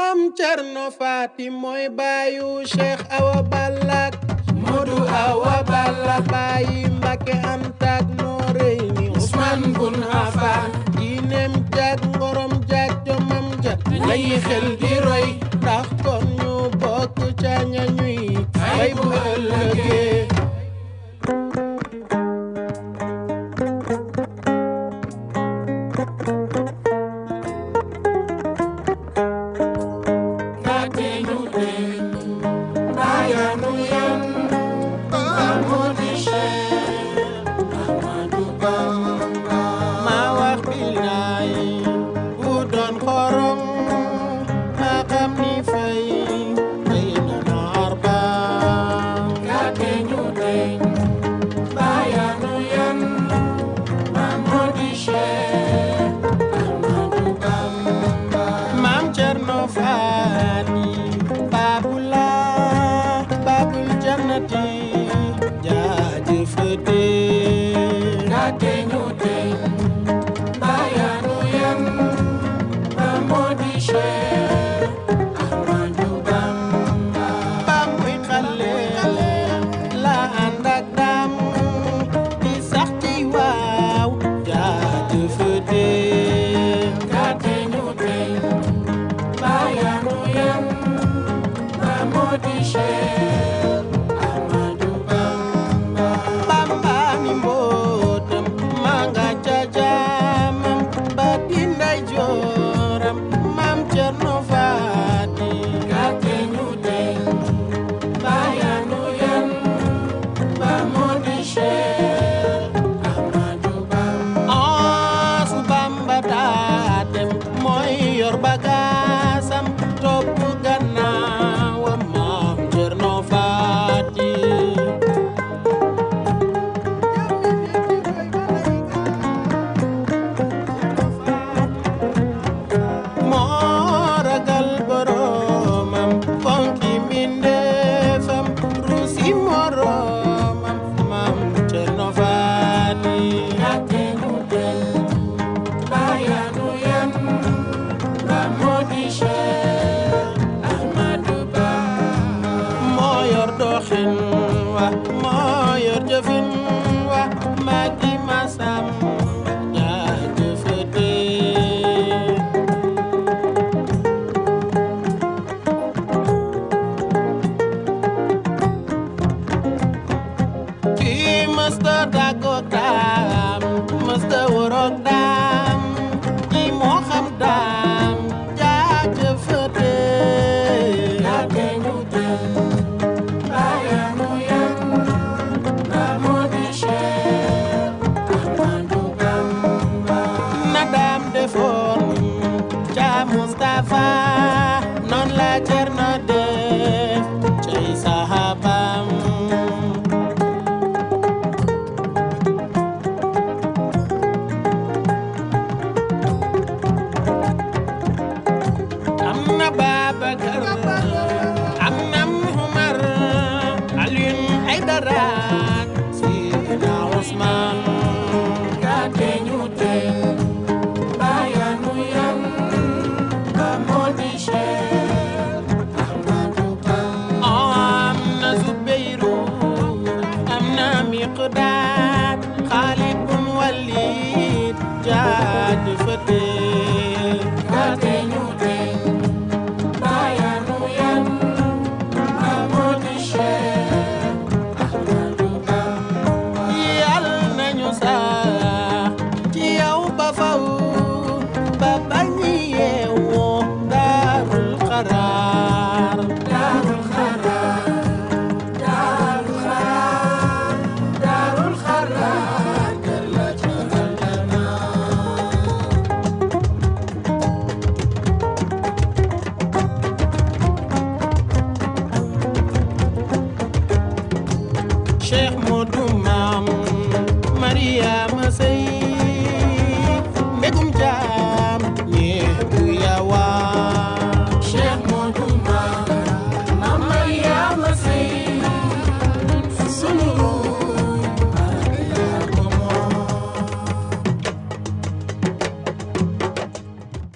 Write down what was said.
mam Cerno Faati mooy baayu Cheikh Awa Balla Modu Awa Balla baayi Mbàkke Anta Nooreeni Usmaan bun Affaan diineem jag ngorom jag jomam ja lañuy xel di roy tax kon ñu bokk ca ña ñuy bay bu ëllëgee naati jaajëfete naate ñu tey bayanu yem ba moo di Cheikh Ahmadou Bamba ba muy xale la ànd ak dam di sax ci waaw jaajëfete naate ñu tey bayanu yem ba moo di Cheikh yo summer. belajar nada Sheikh Modun